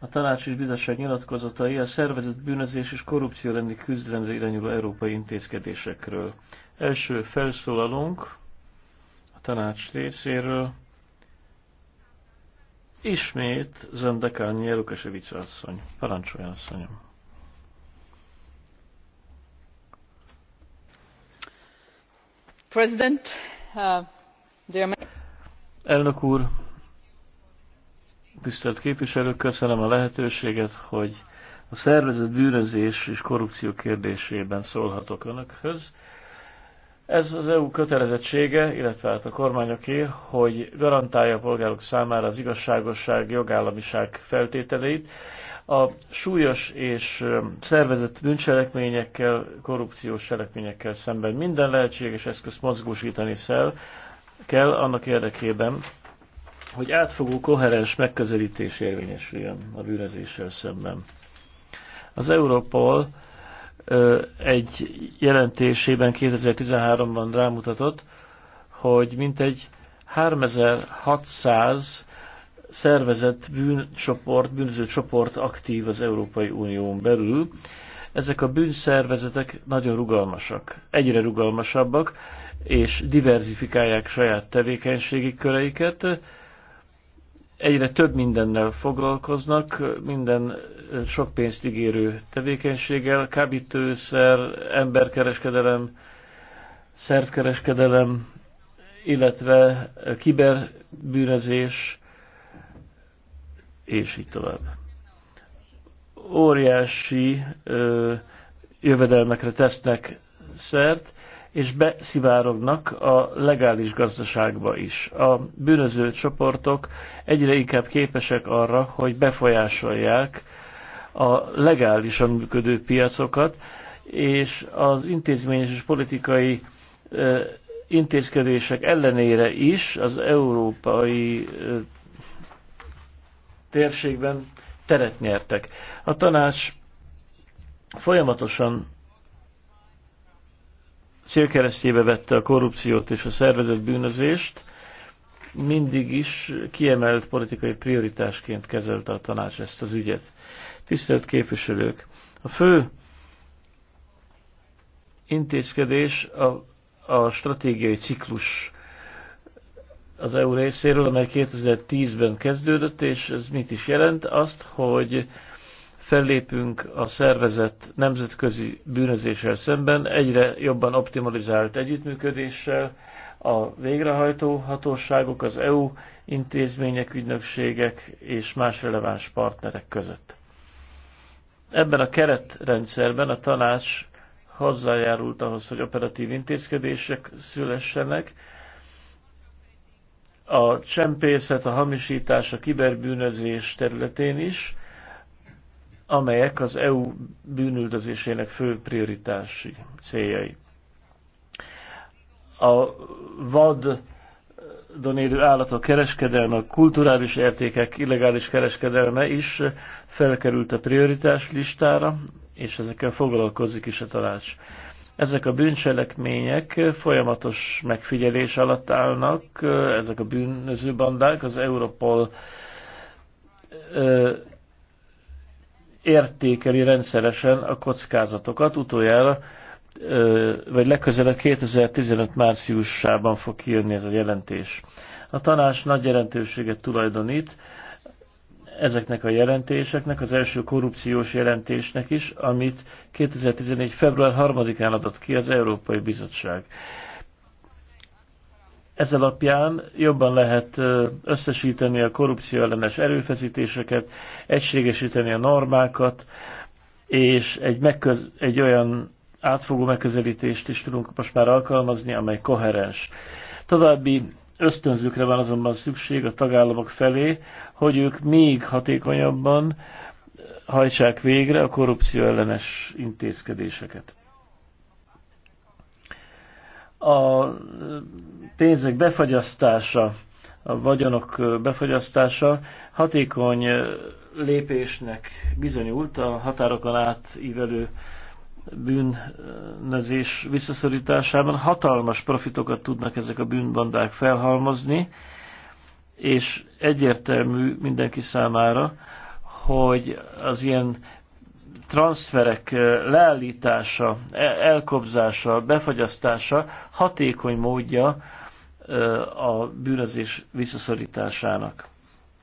a tanács és bizottság nyilatkozatai a szervezett bűnözés és korrupció rendi küzdelemre irányuló európai intézkedésekről. Első felszólalunk a tanács részéről ismét Zendekányi Lukasevics asszony. Parancsolja asszonyom. President, uh, dear... Elnök úr, Tisztelt képviselők, köszönöm a lehetőséget, hogy a szervezet bűnözés és korrupció kérdésében szólhatok Önökhöz. Ez az EU kötelezettsége, illetve hát a kormányoké, hogy garantálja a polgárok számára az igazságosság, jogállamiság feltételeit. A súlyos és szervezett bűncselekményekkel, korrupciós cselekményekkel szemben minden lehetséges eszközt mozgósítani kell, kell annak érdekében, hogy átfogó, koherens megközelítés érvényesüljön a bűnözéssel szemben. Az Europol egy jelentésében 2013-ban rámutatott, hogy mintegy 3600 szervezett bűncsoport, bűnöző csoport aktív az Európai Unión belül. Ezek a bűnszervezetek nagyon rugalmasak, egyre rugalmasabbak, és diverzifikálják saját tevékenységi köreiket, egyre több mindennel foglalkoznak, minden sok pénzt ígérő tevékenységgel, kábítószer, emberkereskedelem, szervkereskedelem, illetve kiberbűnözés, és így tovább. Óriási ö, jövedelmekre tesznek szert, és beszivárognak a legális gazdaságba is. A bűnöző csoportok egyre inkább képesek arra, hogy befolyásolják a legálisan működő piacokat, és az intézményes és politikai intézkedések ellenére is az európai térségben teret nyertek. A tanács folyamatosan célkeresztjébe vette a korrupciót és a szervezett bűnözést, mindig is kiemelt politikai prioritásként kezelte a tanács ezt az ügyet. Tisztelt képviselők! A fő intézkedés a, a stratégiai ciklus az EU részéről, amely 2010-ben kezdődött, és ez mit is jelent? Azt, hogy fellépünk a szervezet nemzetközi bűnözéssel szemben, egyre jobban optimalizált együttműködéssel, a végrehajtó hatóságok, az EU intézmények, ügynökségek és más releváns partnerek között. Ebben a keretrendszerben a tanács hozzájárult ahhoz, hogy operatív intézkedések szülessenek, a csempészet, a hamisítás, a kiberbűnözés területén is, amelyek az EU bűnüldözésének fő prioritási céljai. A vad élő állatok kereskedelme, a kulturális értékek illegális kereskedelme is felkerült a prioritás listára, és ezekkel foglalkozik is a tanács. Ezek a bűncselekmények folyamatos megfigyelés alatt állnak, ezek a bűnöző bandák, az Europol értékeli rendszeresen a kockázatokat. Utoljára, vagy legközelebb 2015 márciusában fog kijönni ez a jelentés. A tanács nagy jelentőséget tulajdonít ezeknek a jelentéseknek, az első korrupciós jelentésnek is, amit 2014. február 3-án adott ki az Európai Bizottság. Ez alapján jobban lehet összesíteni a korrupció ellenes erőfeszítéseket, egységesíteni a normákat, és egy, megköz, egy olyan átfogó megközelítést is tudunk most már alkalmazni, amely koherens. További ösztönzőkre van azonban szükség a tagállamok felé, hogy ők még hatékonyabban hajtsák végre a korrupció ellenes intézkedéseket a pénzek befagyasztása, a vagyonok befagyasztása hatékony lépésnek bizonyult a határokon átívelő bűnözés visszaszorításában. Hatalmas profitokat tudnak ezek a bűnbandák felhalmozni, és egyértelmű mindenki számára, hogy az ilyen transferek eh, leállítása, e-, elkobzása, befagyasztása hatékony módja eh, a bűnözés visszaszorításának.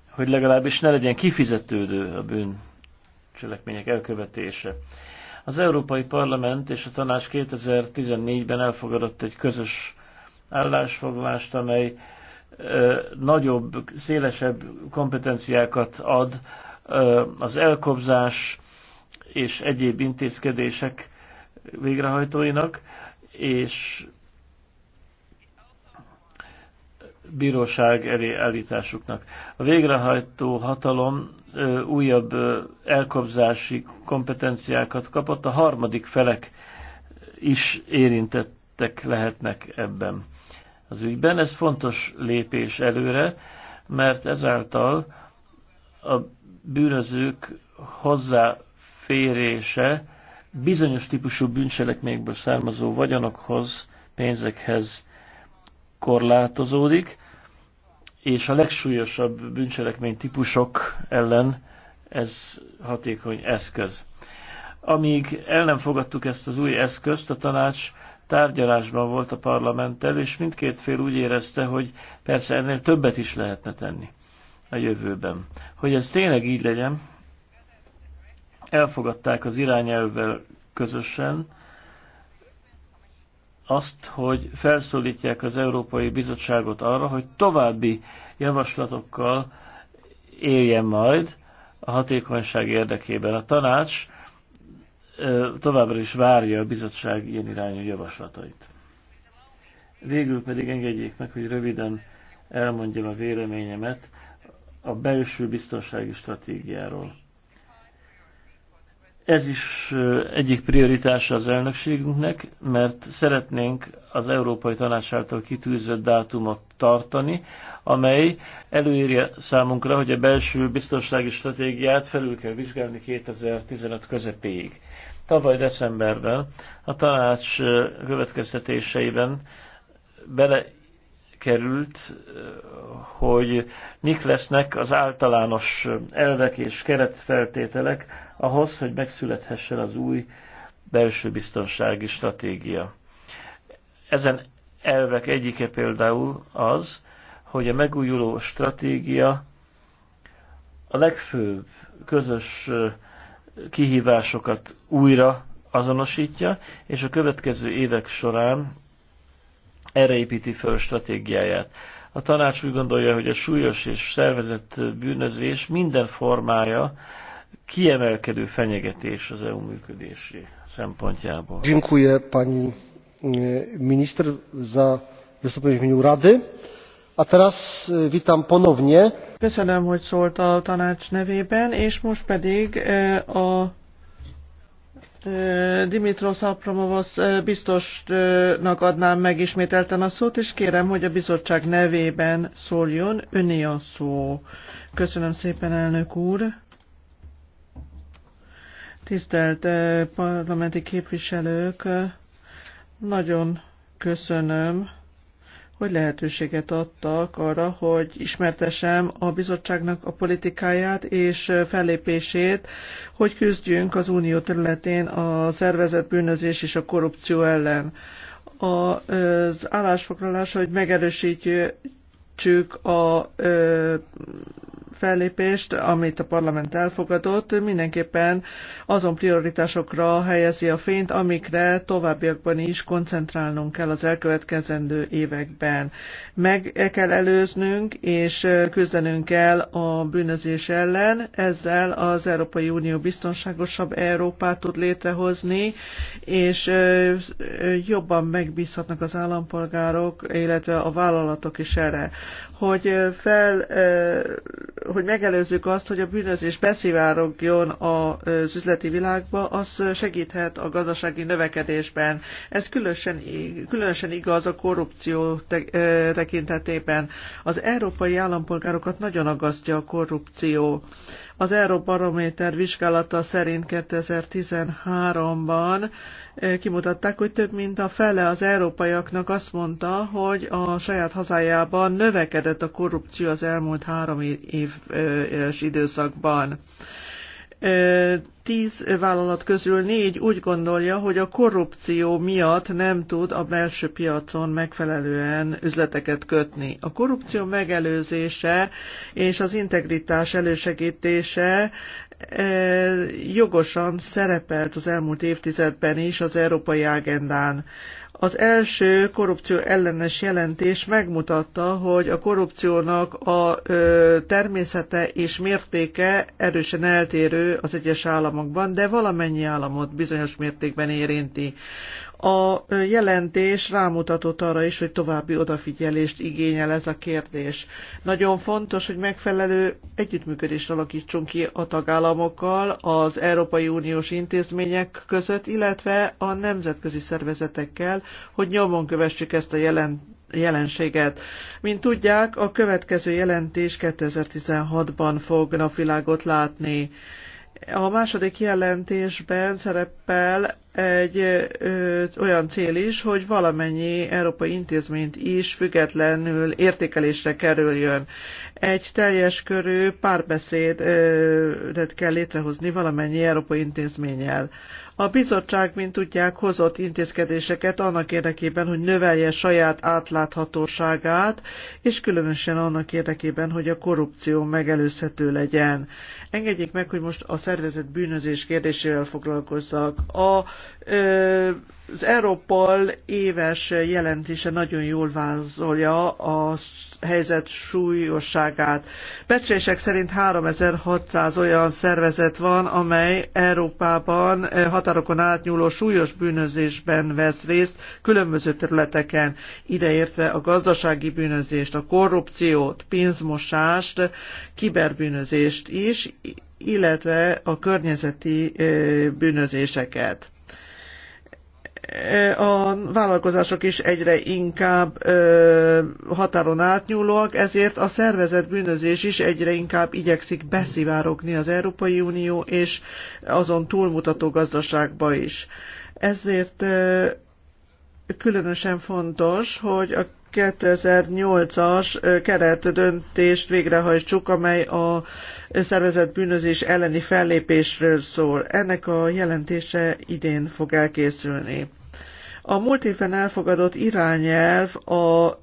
Hogy legalábbis ne legyen kifizetődő a bűn cselekmények elkövetése. Az Európai Parlament és a Tanács 2014-ben elfogadott egy közös állásfoglalást, amely eh, nagyobb, szélesebb kompetenciákat ad az elkobzás, és egyéb intézkedések végrehajtóinak, és bíróság elé állításuknak. A végrehajtó hatalom újabb elkobzási kompetenciákat kapott, a harmadik felek is érintettek lehetnek ebben az ügyben. Ez fontos lépés előre, mert ezáltal a bűnözők hozzá hozzáférése bizonyos típusú bűncselekményekből származó vagyonokhoz, pénzekhez korlátozódik, és a legsúlyosabb bűncselekmény típusok ellen ez hatékony eszköz. Amíg el nem fogadtuk ezt az új eszközt, a tanács tárgyalásban volt a parlamenttel, és mindkét fél úgy érezte, hogy persze ennél többet is lehetne tenni a jövőben. Hogy ez tényleg így legyen, elfogadták az irányelvvel közösen azt, hogy felszólítják az Európai Bizottságot arra, hogy további javaslatokkal éljen majd a hatékonyság érdekében. A tanács továbbra is várja a bizottság ilyen irányú javaslatait. Végül pedig engedjék meg, hogy röviden elmondjam a véleményemet a belső biztonsági stratégiáról. Ez is egyik prioritása az elnökségünknek, mert szeretnénk az Európai Tanács által kitűzött dátumot tartani, amely előírja számunkra, hogy a belső biztonsági stratégiát felül kell vizsgálni 2015 közepéig. Tavaly decemberben a tanács következtetéseiben bele került, hogy mik lesznek az általános elvek és keretfeltételek ahhoz, hogy megszülethessen az új belső biztonsági stratégia. Ezen elvek egyike például az, hogy a megújuló stratégia a legfőbb közös kihívásokat újra azonosítja, és a következő évek során erre építi föl stratégiáját. A tanács úgy gondolja, hogy a súlyos és szervezett bűnözés minden formája kiemelkedő fenyegetés az EU működési szempontjából. Dziękuję pani e, minister za wystąpienie w imieniu Rady. A teraz e, witam ponownie. Köszönöm, hogy szólt a tanács nevében, és most pedig e, a Dimitros Apromovosz biztosnak adnám meg a szót, és kérem, hogy a bizottság nevében szóljon. Öné a szó. Köszönöm szépen, elnök úr. Tisztelt parlamenti képviselők, nagyon köszönöm hogy lehetőséget adtak arra, hogy ismertesem a bizottságnak a politikáját és fellépését, hogy küzdjünk az unió területén a szervezet bűnözés és a korrupció ellen. Az állásfoglalás, hogy megerősítjük a fellépést, amit a parlament elfogadott, mindenképpen azon prioritásokra helyezi a fényt, amikre továbbiakban is koncentrálnunk kell az elkövetkezendő években. Meg kell előznünk és küzdenünk kell a bűnözés ellen, ezzel az Európai Unió biztonságosabb Európát tud létrehozni, és jobban megbízhatnak az állampolgárok, illetve a vállalatok is erre, hogy fel hogy megelőzzük azt, hogy a bűnözés beszivárogjon az üzleti világba, az segíthet a gazdasági növekedésben. Ez különösen, különösen igaz a korrupció tekintetében. Az európai állampolgárokat nagyon agasztja a korrupció. Az Euróbarométer vizsgálata szerint 2013-ban eh, kimutatták, hogy több mint a fele az európaiaknak azt mondta, hogy a saját hazájában növekedett a korrupció az elmúlt három eh, éves időszakban tíz vállalat közül négy úgy gondolja, hogy a korrupció miatt nem tud a belső piacon megfelelően üzleteket kötni. A korrupció megelőzése és az integritás elősegítése e, jogosan szerepelt az elmúlt évtizedben is az európai agendán. Az első korrupció ellenes jelentés megmutatta, hogy a korrupciónak a természete és mértéke erősen eltérő az egyes államokban, de valamennyi államot bizonyos mértékben érinti. A jelentés rámutatott arra is, hogy további odafigyelést igényel ez a kérdés. Nagyon fontos, hogy megfelelő együttműködést alakítsunk ki a tagállamokkal, az Európai Uniós intézmények között, illetve a nemzetközi szervezetekkel, hogy nyomon kövessük ezt a jelentést jelenséget. Mint tudják, a következő jelentés 2016-ban fog napvilágot látni. A második jelentésben szerepel egy ö, olyan cél is, hogy valamennyi európai intézményt is függetlenül értékelésre kerüljön. Egy teljes körű párbeszédet kell létrehozni valamennyi európai intézménnyel. A bizottság, mint tudják, hozott intézkedéseket annak érdekében, hogy növelje saját átláthatóságát, és különösen annak érdekében, hogy a korrupció megelőzhető legyen. Engedjék meg, hogy most a szervezet bűnözés kérdésével foglalkozzak. A, ö, az Európol éves jelentése nagyon jól vázolja a helyzet súlyosságát. Becsések szerint 3600 olyan szervezet van, amely Európában határokon átnyúló súlyos bűnözésben vesz részt különböző területeken, ideértve a gazdasági bűnözést, a korrupciót, pénzmosást, kiberbűnözést is, illetve a környezeti bűnözéseket a vállalkozások is egyre inkább határon átnyúlóak, ezért a szervezett bűnözés is egyre inkább igyekszik beszivárogni az Európai Unió és azon túlmutató gazdaságba is. Ezért különösen fontos, hogy a 2008-as keretdöntést végrehajtsuk, amely a szervezett bűnözés elleni fellépésről szól. Ennek a jelentése idén fog elkészülni. A múlt évben elfogadott irányelv a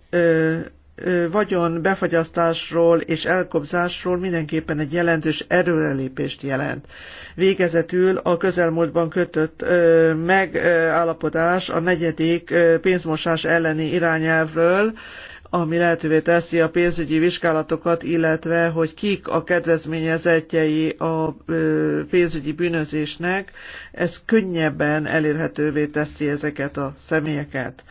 vagyon befagyasztásról és elkobzásról mindenképpen egy jelentős erőrelépést jelent. Végezetül a közelmúltban kötött megállapodás a negyedik pénzmosás elleni irányelvről, ami lehetővé teszi a pénzügyi vizsgálatokat, illetve hogy kik a kedvezményezettjei a pénzügyi bűnözésnek, ez könnyebben elérhetővé teszi ezeket a személyeket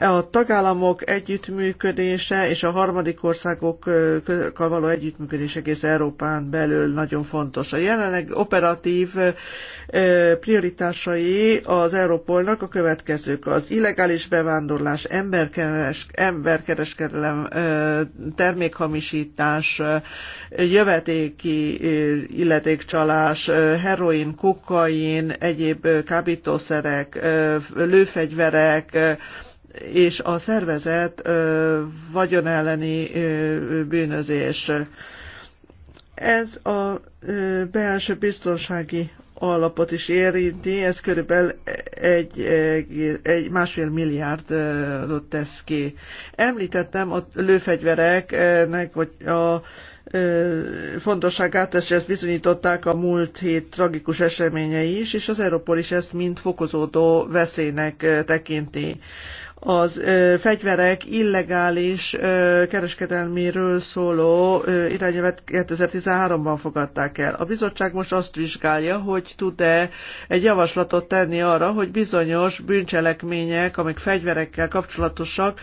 a tagállamok együttműködése és a harmadik országokkal való együttműködés egész Európán belül nagyon fontos. A jelenleg operatív prioritásai az Európolnak a következők. Az illegális bevándorlás, emberkeres, emberkereskedelem, termékhamisítás, jövetéki illetékcsalás, heroin, kokain, egyéb kábítószerek, lőfegyverek, és a szervezet vagyonelleni bűnözés. Ez a belső biztonsági alapot is érinti, ez körülbelül egy, egy, egy másfél milliárdot tesz ki. Említettem a lőfegyvereknek, hogy a fontosságát, és ezt bizonyították a múlt hét tragikus eseményei is, és az Európol is ezt mind fokozódó veszélynek tekinti az fegyverek illegális kereskedelméről szóló irányelvet 2013-ban fogadták el. A bizottság most azt vizsgálja, hogy tud-e egy javaslatot tenni arra, hogy bizonyos bűncselekmények, amik fegyverekkel kapcsolatosak,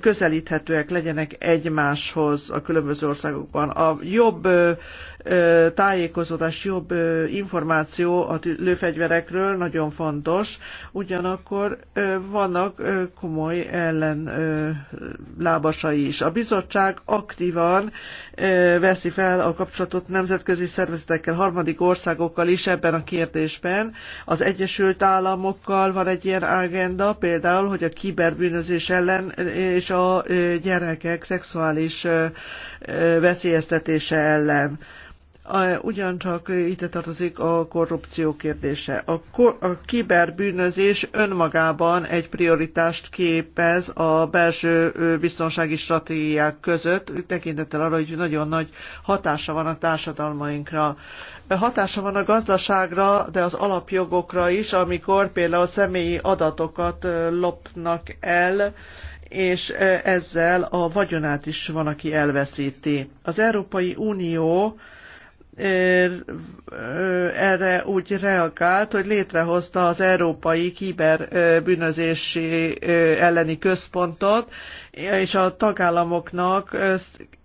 közelíthetőek legyenek egymáshoz a különböző országokban. A jobb tájékozódás, jobb információ a lőfegyverekről nagyon fontos. Ugyanakkor vannak komoly ellenlábasai is. A bizottság aktívan veszi fel a kapcsolatot nemzetközi szervezetekkel, harmadik országokkal is ebben a kérdésben. Az Egyesült Államokkal van egy ilyen agenda, például, hogy a kiberbűnözés ellen és a gyerekek szexuális veszélyeztetése ellen ugyancsak ide tartozik a korrupció kérdése. A, kor, a kiberbűnözés önmagában egy prioritást képez a belső biztonsági stratégiák között, tekintettel arra, hogy nagyon nagy hatása van a társadalmainkra. Hatása van a gazdaságra, de az alapjogokra is, amikor például személyi adatokat lopnak el, és ezzel a vagyonát is van, aki elveszíti. Az Európai Unió erre úgy reagált, hogy létrehozta az Európai Kiberbűnözési elleni központot, és a tagállamoknak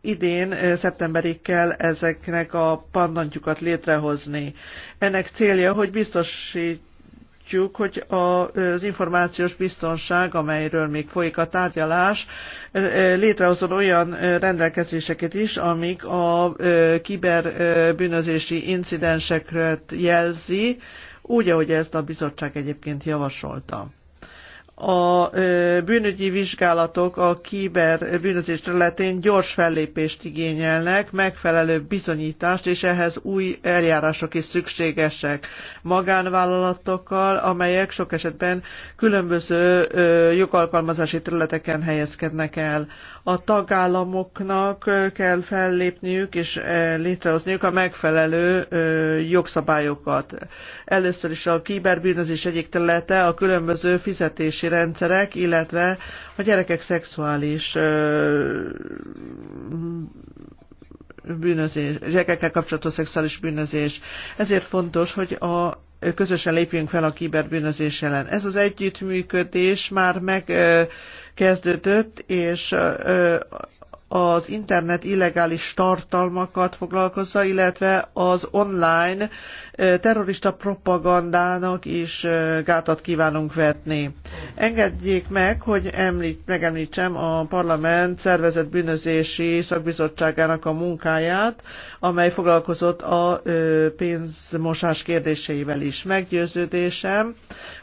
idén szeptemberig kell ezeknek a pandantjukat létrehozni. Ennek célja, hogy biztosít látjuk, hogy az információs biztonság, amelyről még folyik a tárgyalás, létrehozott olyan rendelkezéseket is, amik a kiberbűnözési incidensekre jelzi, úgy, ahogy ezt a bizottság egyébként javasolta a bűnügyi vizsgálatok a kiber bűnözés területén gyors fellépést igényelnek, megfelelő bizonyítást, és ehhez új eljárások is szükségesek magánvállalatokkal, amelyek sok esetben különböző jogalkalmazási területeken helyezkednek el a tagállamoknak kell fellépniük és létrehozniuk a megfelelő jogszabályokat. Először is a kiberbűnözés egyik területe a különböző fizetési rendszerek, illetve a gyerekek szexuális bűnözés, gyerekekkel kapcsolatos szexuális bűnözés. Ezért fontos, hogy a közösen lépjünk fel a kiberbűnözés ellen. Ez az együttműködés már meg kezdődött, és az internet illegális tartalmakat foglalkozza, illetve az online terrorista propagandának is gátat kívánunk vetni. Engedjék meg, hogy említ, megemlítsem a parlament szervezett bűnözési szakbizottságának a munkáját, amely foglalkozott a pénzmosás kérdéseivel is. Meggyőződésem,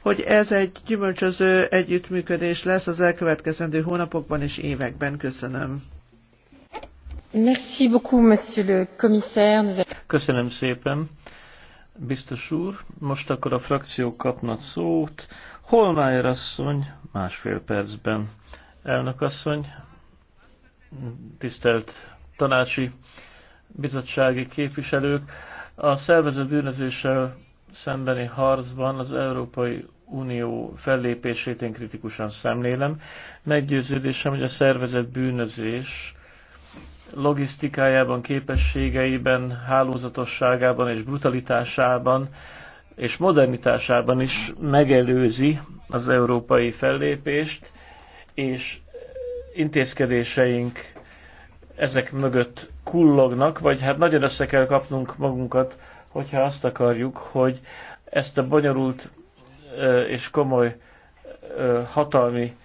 hogy ez egy gyümölcsöző együttműködés lesz az elkövetkezendő hónapokban és években. Köszönöm. Köszönöm szépen, biztos úr. Most akkor a frakciók kapnak szót. Holmájer asszony, másfél percben. Elnök asszony, tisztelt tanácsi bizottsági képviselők, a szervező bűnözéssel szembeni harcban az Európai Unió fellépését én kritikusan szemlélem. Meggyőződésem, hogy a szervezett bűnözés logisztikájában, képességeiben, hálózatosságában és brutalitásában és modernitásában is megelőzi az európai fellépést, és intézkedéseink ezek mögött kullognak, vagy hát nagyon össze kell kapnunk magunkat, hogyha azt akarjuk, hogy ezt a bonyolult és komoly hatalmi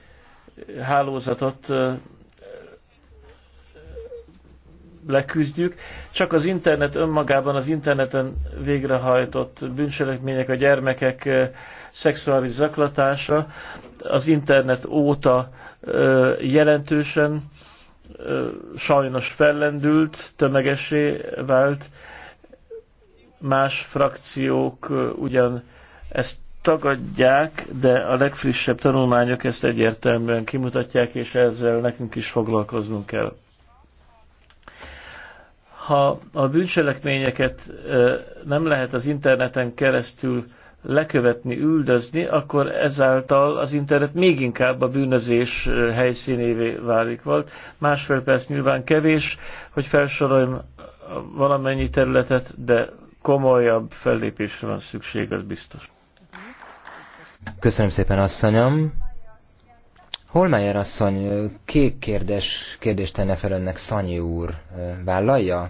hálózatot leküzdjük. Csak az internet önmagában, az interneten végrehajtott bűncselekmények, a gyermekek szexuális zaklatása az internet óta jelentősen sajnos fellendült, tömegesé vált. Más frakciók ugyan ezt tagadják, de a legfrissebb tanulmányok ezt egyértelműen kimutatják, és ezzel nekünk is foglalkoznunk kell. Ha a bűncselekményeket nem lehet az interneten keresztül lekövetni, üldözni, akkor ezáltal az internet még inkább a bűnözés helyszínévé válik volt. Másfél perc nyilván kevés, hogy felsoroljam valamennyi területet, de komolyabb fellépésre van szükség, az biztos. Köszönöm szépen, asszonyom. Holmeyer asszony, kék kérdés, kérdést tenne fel önnek Szanyi úr. Vállalja?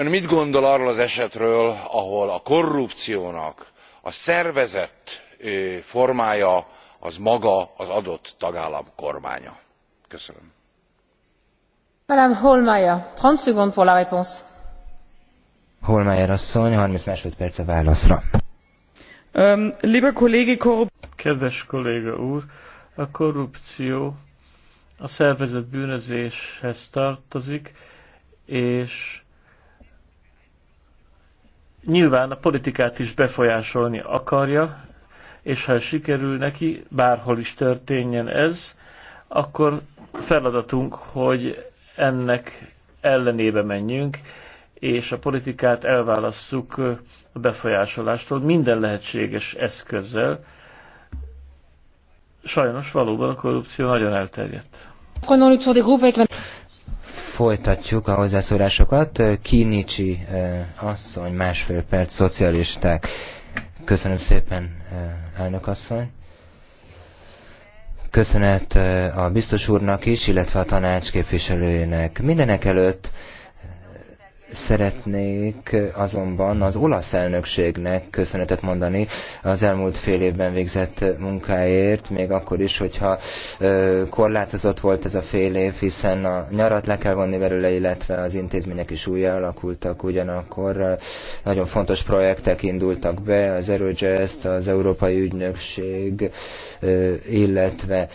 ön mit gondol arról az esetről ahol a korrupciónak a szervezett formája az maga az adott tagállam kormánya? köszönöm. hohlmeier asszony thirty másodperc a válaszra. kedves kolléga úr a korrupció a szervezett bűnözéshez tartozik és nyilván a politikát is befolyásolni akarja, és ha sikerül neki, bárhol is történjen ez, akkor feladatunk, hogy ennek ellenébe menjünk, és a politikát elválasszuk a befolyásolástól minden lehetséges eszközzel. Sajnos valóban a korrupció nagyon elterjedt. Folytatjuk a hozzászólásokat. Kinicsi eh, asszony, másfél perc, szocialisták. Köszönöm szépen, eh, elnök asszony. Köszönet eh, a biztos úrnak is, illetve a tanács képviselőjének. Mindenek előtt Szeretnék azonban az olasz elnökségnek köszönetet mondani az elmúlt fél évben végzett munkáért, még akkor is, hogyha korlátozott volt ez a fél év, hiszen a nyarat le kell vonni belőle, illetve az intézmények is újra alakultak, ugyanakkor nagyon fontos projektek indultak be, az Eurojust, az Európai Ügynökség, illetve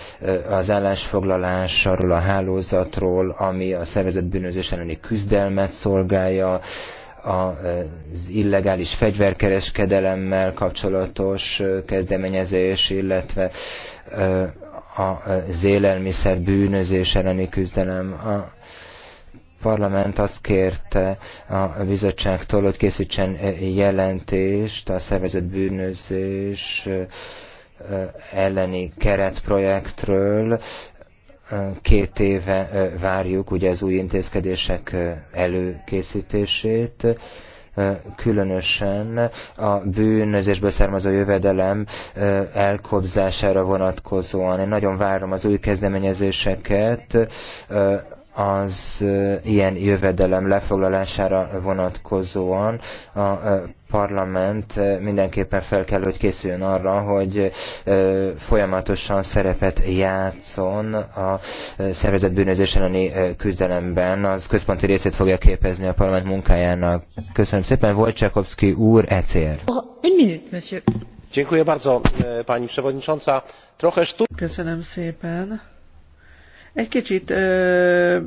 az állásfoglalás arról a hálózatról, ami a szervezett bűnözés elleni küzdelmet szolgál, vizsgálja az illegális fegyverkereskedelemmel kapcsolatos kezdeményezés, illetve az élelmiszer bűnözés elleni küzdelem. A parlament azt kérte a bizottságtól, hogy készítsen jelentést a szervezett bűnözés elleni keretprojektről, Két éve várjuk ugye az új intézkedések előkészítését, különösen a bűnözésből származó jövedelem elkobzására vonatkozóan. Én nagyon várom az új kezdeményezéseket, az ilyen jövedelem lefoglalására vonatkozóan a parlament mindenképpen fel kell, hogy készüljön arra, hogy folyamatosan szerepet játszon a szervezett bűnözés elleni küzdelemben. Az központi részét fogja képezni a parlament munkájának. Köszönöm szépen. Wojciechowski úr, ECR. Oh, egy monsieur. E, pani Köszönöm szépen egy kicsit ö,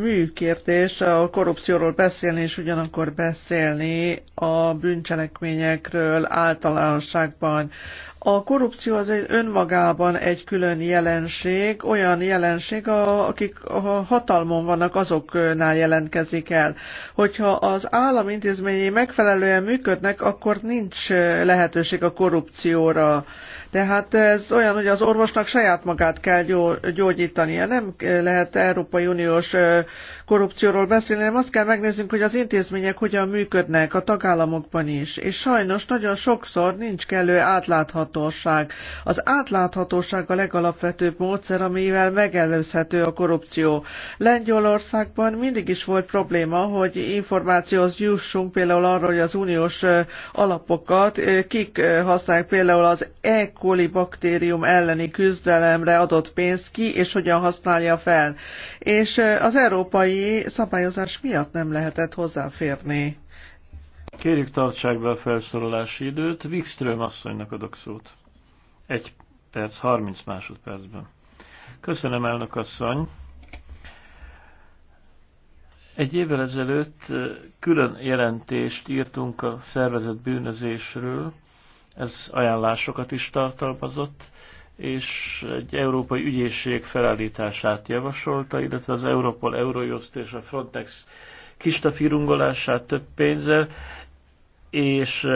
műkértés a korrupcióról beszélni, és ugyanakkor beszélni a bűncselekményekről általánosságban. A korrupció az egy önmagában egy külön jelenség, olyan jelenség, akik a hatalmon vannak, azoknál jelentkezik el. Hogyha az állam intézményei megfelelően működnek, akkor nincs lehetőség a korrupcióra tehát ez olyan, hogy az orvosnak saját magát kell gyógyítania. Nem lehet Európai Uniós korrupcióról beszélni, hanem azt kell megnéznünk, hogy az intézmények hogyan működnek a tagállamokban is. És sajnos nagyon sokszor nincs kellő átláthatóság. Az átláthatóság a legalapvetőbb módszer, amivel megelőzhető a korrupció. Lengyelországban mindig is volt probléma, hogy információhoz jussunk például arról, hogy az uniós alapokat kik használják például az E. coli baktérium elleni küzdelemre adott pénzt ki, és hogyan használja fel. És az európai szabályozás miatt nem lehetett hozzáférni. Kérjük tartsák be a felszólalási időt. Wikström asszonynak adok szót. Egy perc, 30 másodpercben. Köszönöm, elnök asszony. Egy évvel ezelőtt külön jelentést írtunk a szervezet bűnözésről, ez ajánlásokat is tartalmazott, és egy európai ügyészség felállítását javasolta, illetve az Európol Eurojust és a Frontex kistafirungolását több pénzzel, és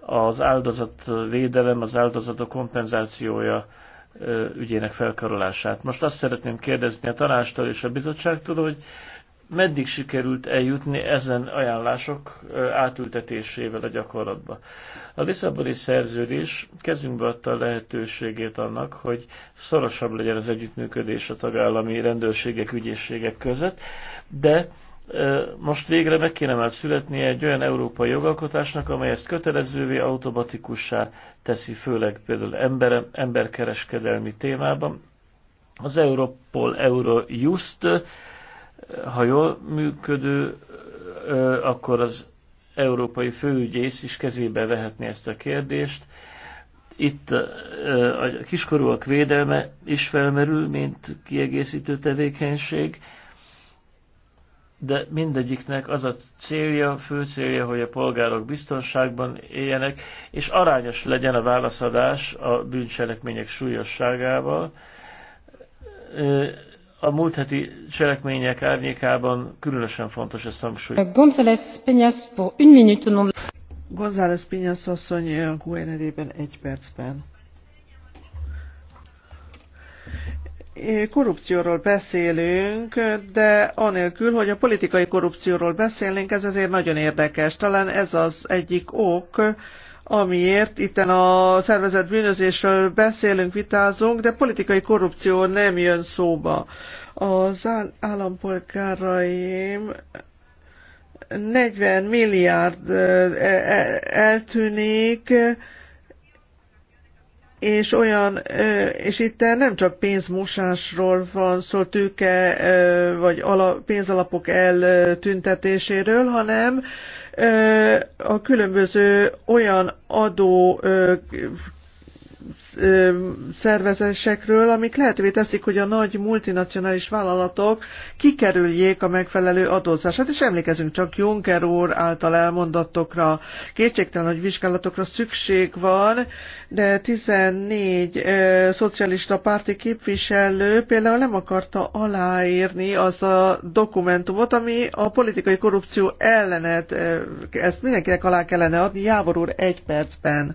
az áldozat védelem, az áldozatok kompenzációja ügyének felkarolását. Most azt szeretném kérdezni a tanástól és a bizottságtól, hogy meddig sikerült eljutni ezen ajánlások átültetésével a gyakorlatba. A Lisszaboni szerződés kezünkbe adta a lehetőségét annak, hogy szorosabb legyen az együttműködés a tagállami rendőrségek, ügyészségek között, de most végre meg kéne már születnie egy olyan európai jogalkotásnak, amely ezt kötelezővé, automatikussá teszi, főleg például ember, emberkereskedelmi témában. Az Europol Eurojust ha jól működő, akkor az európai főügyész is kezébe vehetné ezt a kérdést. Itt a kiskorúak védelme is felmerül, mint kiegészítő tevékenység, de mindegyiknek az a célja, fő célja, hogy a polgárok biztonságban éljenek, és arányos legyen a válaszadás a bűncselekmények súlyosságával a múlt heti cselekmények árnyékában különösen fontos ezt hangsúlyozni. González Peñas pour une minute au González Peñas asszony eh, a QNR-ben egy percben. Eh, korrupcióról beszélünk, de anélkül, hogy a politikai korrupcióról beszélnénk, ez azért nagyon érdekes. Talán ez az egyik ok, amiért itt a szervezett bűnözésről beszélünk, vitázunk, de politikai korrupció nem jön szóba. Az állampolgáraim 40 milliárd e, e, eltűnik, és olyan, és itt nem csak pénzmosásról van szó, tőke vagy ala, pénzalapok eltüntetéséről, hanem a különböző olyan adó szervezésekről, amik lehetővé teszik, hogy a nagy multinacionális vállalatok kikerüljék a megfelelő adózását, és emlékezünk csak Juncker úr által elmondottokra. Kétségtelen, hogy vizsgálatokra szükség van, de 14 ö, szocialista párti képviselő például nem akarta aláírni az a dokumentumot, ami a politikai korrupció ellenet, ezt mindenkinek alá kellene adni, Jávor úr egy percben.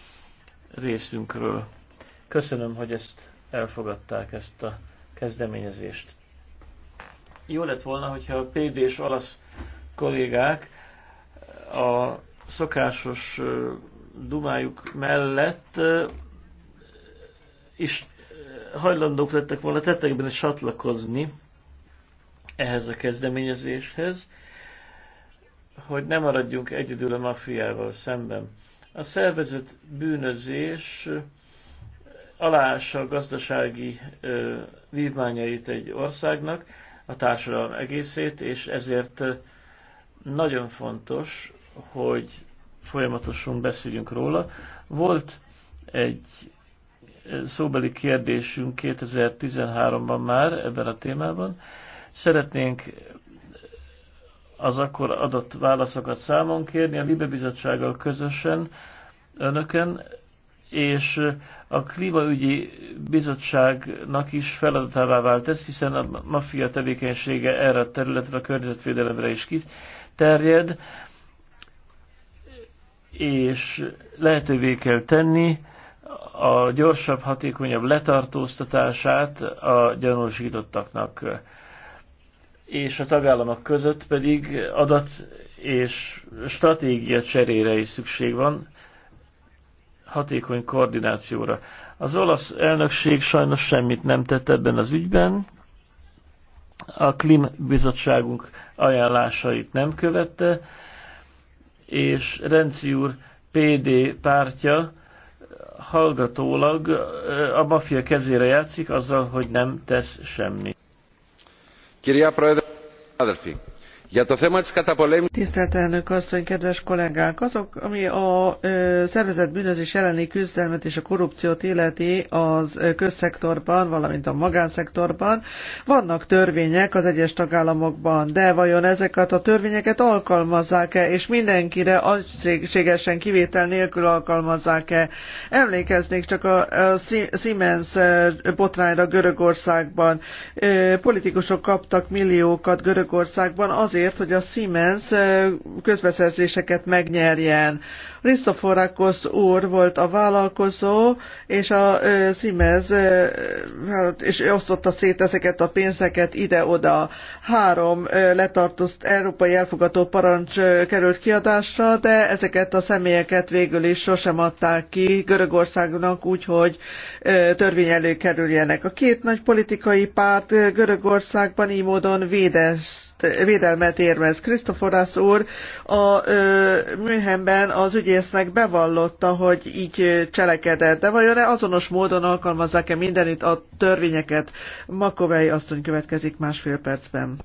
részünkről. Köszönöm, hogy ezt elfogadták, ezt a kezdeményezést. Jó lett volna, hogyha a PD és olasz kollégák a szokásos dumájuk mellett is hajlandók lettek volna tettekben is csatlakozni ehhez a kezdeményezéshez, hogy ne maradjunk egyedül a maffiával szemben. A szervezet bűnözés alása a gazdasági vívmányait egy országnak, a társadalom egészét, és ezért nagyon fontos, hogy folyamatosan beszéljünk róla. Volt egy szóbeli kérdésünk 2013-ban már ebben a témában. Szeretnénk az akkor adott válaszokat számon kérni, a Libe Bizottsággal közösen önöken, és a klímaügyi bizottságnak is feladatává vált ez, hiszen a maffia tevékenysége erre a területre, a környezetvédelemre is kiterjed, és lehetővé kell tenni a gyorsabb, hatékonyabb letartóztatását a gyanúsítottaknak és a tagállamok között pedig adat és stratégia cserére is szükség van, hatékony koordinációra. Az olasz elnökség sajnos semmit nem tett ebben az ügyben, a klímbizottságunk ajánlásait nem követte, és Renci úr PD pártja hallgatólag a maffia kezére játszik azzal, hogy nem tesz semmit. Adelfi. Tisztelt elnök asszony, kedves kollégák! Azok, ami a ö, szervezett bűnözés elleni küzdelmet és a korrupciót illeti az közszektorban, valamint a magánszektorban, vannak törvények az egyes tagállamokban, de vajon ezeket a törvényeket alkalmazzák-e, és mindenkire egységesen kivétel nélkül alkalmazzák-e? Emlékeznék csak a, a Siemens botrányra Görögországban. Ö, politikusok kaptak milliókat Görögországban azért, azért, hogy a Siemens közbeszerzéseket megnyerjen. Ristoforakosz úr volt a vállalkozó, és a Simez, hát, és osztotta szét ezeket a pénzeket ide-oda. Három letartózt európai elfogató parancs került kiadásra, de ezeket a személyeket végül is sosem adták ki Görögországnak úgy, hogy törvény elő kerüljenek. A két nagy politikai párt Görögországban így módon védest, védelmet érmez. Krisztoforász úr a Münchenben az ügy ügyésznek bevallotta, hogy így cselekedett, de vajon -e azonos módon alkalmazzák-e mindenütt a törvényeket? Makovei asszony következik másfél percben.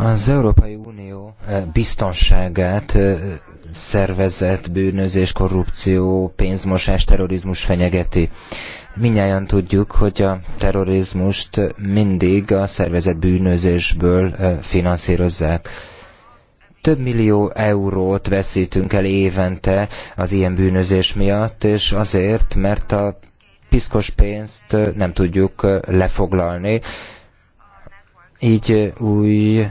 Az Európai Unió eh, biztonságát eh, szervezett bűnözés, korrupció, pénzmosás, terrorizmus fenyegeti Minnyáján tudjuk, hogy a terrorizmust mindig a szervezet bűnözésből finanszírozzák. Több millió eurót veszítünk el évente az ilyen bűnözés miatt, és azért, mert a piszkos pénzt nem tudjuk lefoglalni. Így új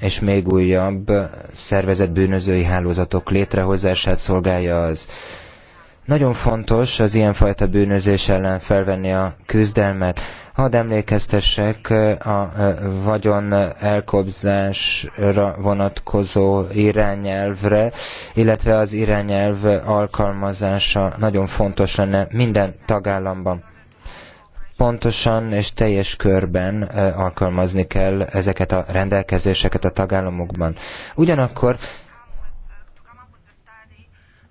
és még újabb szervezetbűnözői bűnözői hálózatok létrehozását szolgálja az nagyon fontos az ilyenfajta bűnözés ellen felvenni a küzdelmet. Hadd emlékeztessek a vagyon elkobzásra vonatkozó irányelvre, illetve az irányelv alkalmazása nagyon fontos lenne minden tagállamban pontosan és teljes körben alkalmazni kell ezeket a rendelkezéseket a tagállamokban. Ugyanakkor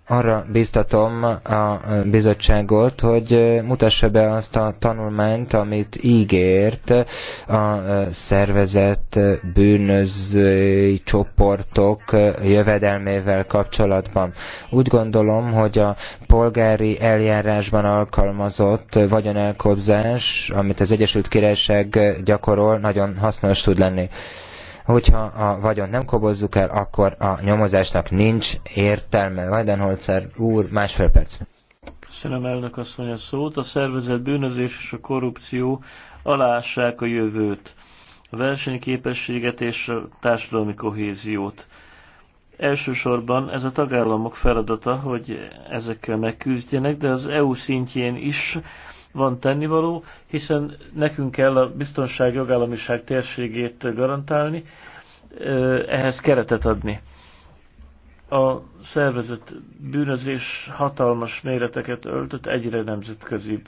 arra biztatom a bizottságot, hogy mutassa be azt a tanulmányt, amit ígért a szervezett bűnözői csoportok jövedelmével kapcsolatban. Úgy gondolom, hogy a polgári eljárásban alkalmazott vagyonelkobzás, amit az Egyesült Királyság gyakorol, nagyon hasznos tud lenni. Hogyha a vagyon nem kobozzuk el, akkor a nyomozásnak nincs értelme. Weidenholzer úr, másfél perc. Köszönöm elnök asszony a szót. A szervezet bűnözés és a korrupció alássák a jövőt, a versenyképességet és a társadalmi kohéziót. Elsősorban ez a tagállamok feladata, hogy ezekkel megküzdjenek, de az EU szintjén is van tennivaló, hiszen nekünk kell a biztonság jogállamiság térségét garantálni, ehhez keretet adni. A szervezet bűnözés hatalmas méreteket öltött, egyre nemzetközi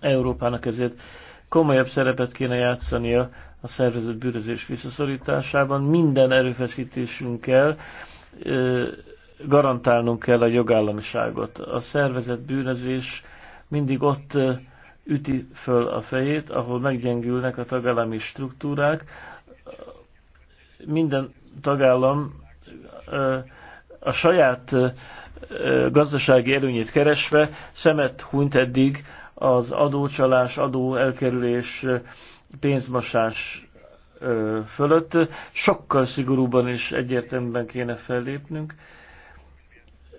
Európának, ezért komolyabb szerepet kéne játszania a szervezet bűnözés visszaszorításában. Minden erőfeszítésünkkel garantálnunk kell a jogállamiságot. A szervezet bűnözés mindig ott üti föl a fejét, ahol meggyengülnek a tagállami struktúrák. Minden tagállam a saját gazdasági előnyét keresve szemet hunyt eddig az adócsalás, adó elkerülés, pénzmosás fölött. Sokkal szigorúban és egyértelműen kéne fellépnünk.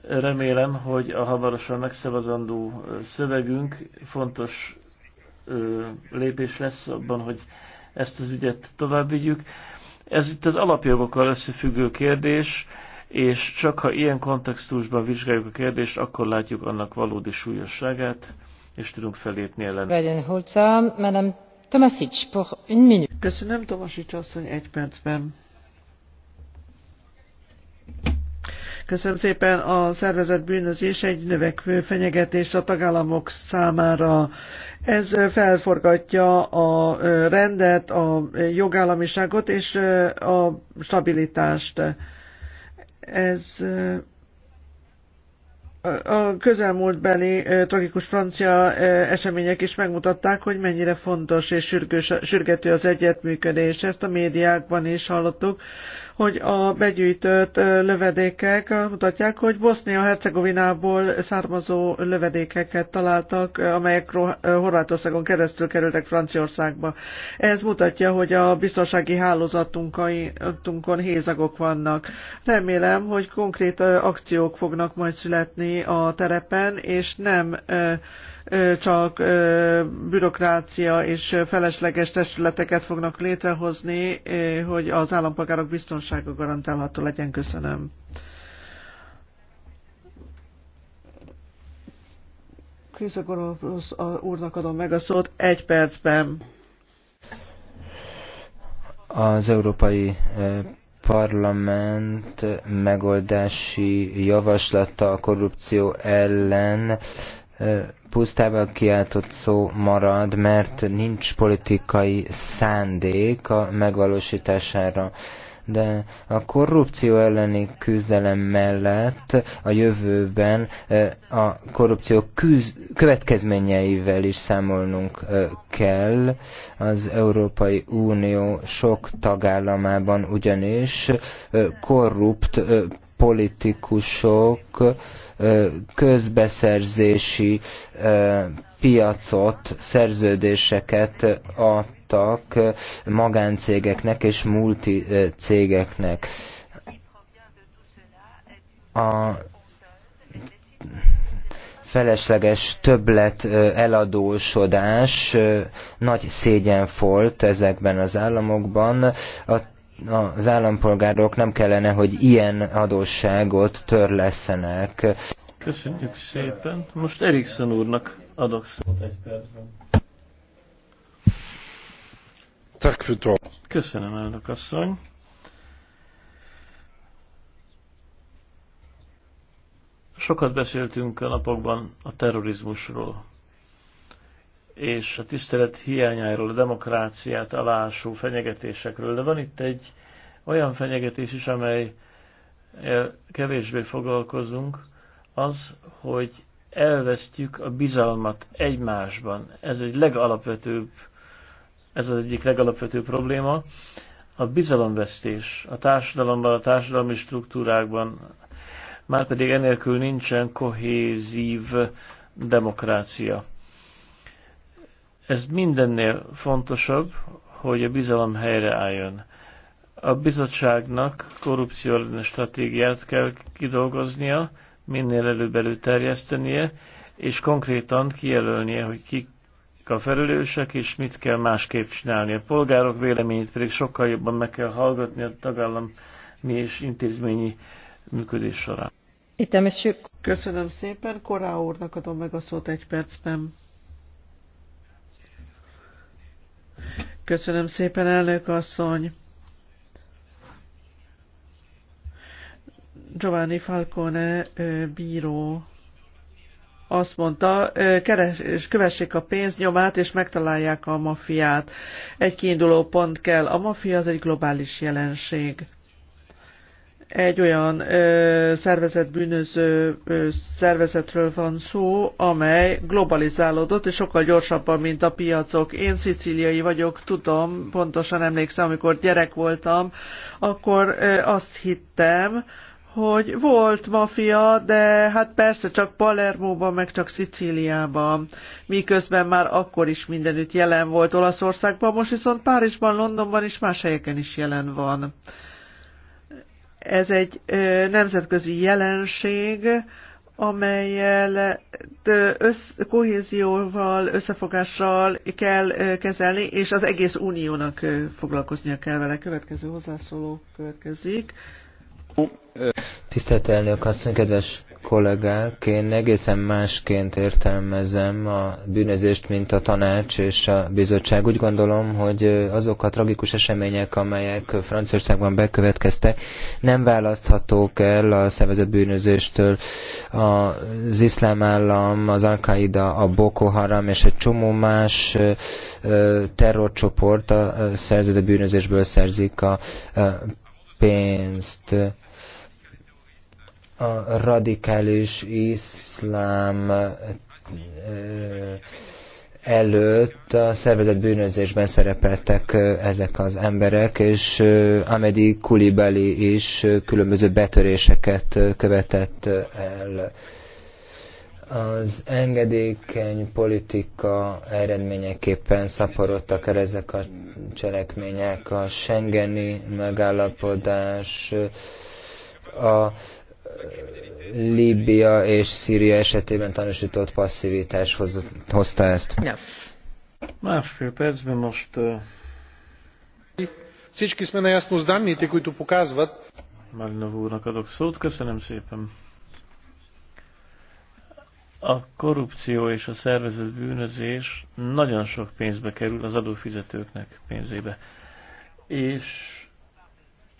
Remélem, hogy a hamarosan megszavazandó szövegünk fontos lépés lesz abban, hogy ezt az ügyet tovább vigyük. Ez itt az alapjogokkal összefüggő kérdés, és csak ha ilyen kontextusban vizsgáljuk a kérdést, akkor látjuk annak valódi súlyosságát, és tudunk felépni ellen. Köszönöm, Tomasics asszony, egy percben. Köszönöm szépen. A szervezet bűnözés egy növekvő fenyegetés a tagállamok számára. Ez felforgatja a rendet, a jogállamiságot és a stabilitást. Ez a közelmúltbeli tragikus francia események is megmutatták, hogy mennyire fontos és sürgős, sürgető az egyetműködés. Ezt a médiákban is hallottuk, hogy a begyűjtött lövedékek mutatják, hogy Bosznia-Hercegovinából származó lövedékeket találtak, amelyek Horvátországon keresztül kerültek Franciaországba. Ez mutatja, hogy a biztonsági hálózatunkon hézagok vannak. Remélem, hogy konkrét akciók fognak majd születni a terepen, és nem csak bürokrácia és felesleges testületeket fognak létrehozni, hogy az állampolgárok biztonsága garantálható legyen. Köszönöm. Kriszakorosz úrnak adom meg a szót egy percben. Az Európai Parlament megoldási javaslata a korrupció ellen pusztában kiáltott szó marad, mert nincs politikai szándék a megvalósítására. De a korrupció elleni küzdelem mellett a jövőben a korrupció küz- következményeivel is számolnunk kell. Az Európai Unió sok tagállamában ugyanis korrupt politikusok közbeszerzési piacot, szerződéseket adtak magáncégeknek és multicégeknek. A felesleges többlet eladósodás nagy szégyen volt ezekben az államokban. A az állampolgárok nem kellene, hogy ilyen adósságot törlesszenek. Köszönjük szépen. Most Eriksen úrnak adok szót egy percben. Köszönöm, elnök asszony. Sokat beszéltünk a napokban a terrorizmusról és a tisztelet hiányáról, a demokráciát alásó fenyegetésekről, de van itt egy olyan fenyegetés is, amely eh, kevésbé foglalkozunk, az, hogy elvesztjük a bizalmat egymásban. Ez egy legalapvetőbb, ez az egyik legalapvetőbb probléma. A bizalomvesztés a társadalomban, a társadalmi struktúrákban, pedig enélkül nincsen kohézív demokrácia. Ez mindennél fontosabb, hogy a bizalom helyreálljon. A bizottságnak korrupció stratégiát kell kidolgoznia, minél előbb előterjesztenie, és konkrétan kijelölnie, hogy kik a felelősek, és mit kell másképp csinálni. A polgárok véleményét pedig sokkal jobban meg kell hallgatni a tagállami és intézményi működés során. Köszönöm szépen, Korá úrnak adom meg a szót egy percben. Köszönöm szépen, elnök asszony. Giovanni Falcone bíró azt mondta, keres, kövessék a pénznyomát, és megtalálják a mafiát. Egy kiinduló pont kell. A mafia az egy globális jelenség egy olyan ö, szervezet bűnöző ö, szervezetről van szó, amely globalizálódott, és sokkal gyorsabban, mint a piacok. Én szicíliai vagyok, tudom, pontosan emlékszem, amikor gyerek voltam, akkor ö, azt hittem, hogy volt mafia, de hát persze csak Palermóban, meg csak Szicíliában, miközben már akkor is mindenütt jelen volt Olaszországban, most viszont Párizsban, Londonban és más helyeken is jelen van. Ez egy nemzetközi jelenség, amelyel össz, kohézióval, összefogással kell kezelni, és az egész uniónak foglalkoznia kell vele. Következő hozzászóló következik. Tisztelt elnök asszony, kedves kollégák, én egészen másként értelmezem a bűnözést, mint a tanács és a bizottság. Úgy gondolom, hogy azok a tragikus események, amelyek Franciaországban bekövetkeztek, nem választhatók el a szervezett bűnözéstől. Az iszlám állam, az Al-Qaida, a Boko Haram és egy csomó más terrorcsoport a szervezett bűnözésből szerzik a pénzt a radikális iszlám előtt a szervezett bűnözésben szerepeltek ezek az emberek, és Amedi kulibeli is különböző betöréseket követett el. Az engedékeny politika eredményeképpen szaporodtak el ezek a cselekmények, a Schengeni megállapodás, a Líbia és Szíria esetében tanúsított passzivitás hoz, hozta ezt. Másfél percben most... Всички azt наясно с данните, които показват. Малинов úrnak adok szót, köszönöm szépen. A korrupció és a szervezett bűnözés nagyon sok pénzbe kerül az adófizetőknek pénzébe. És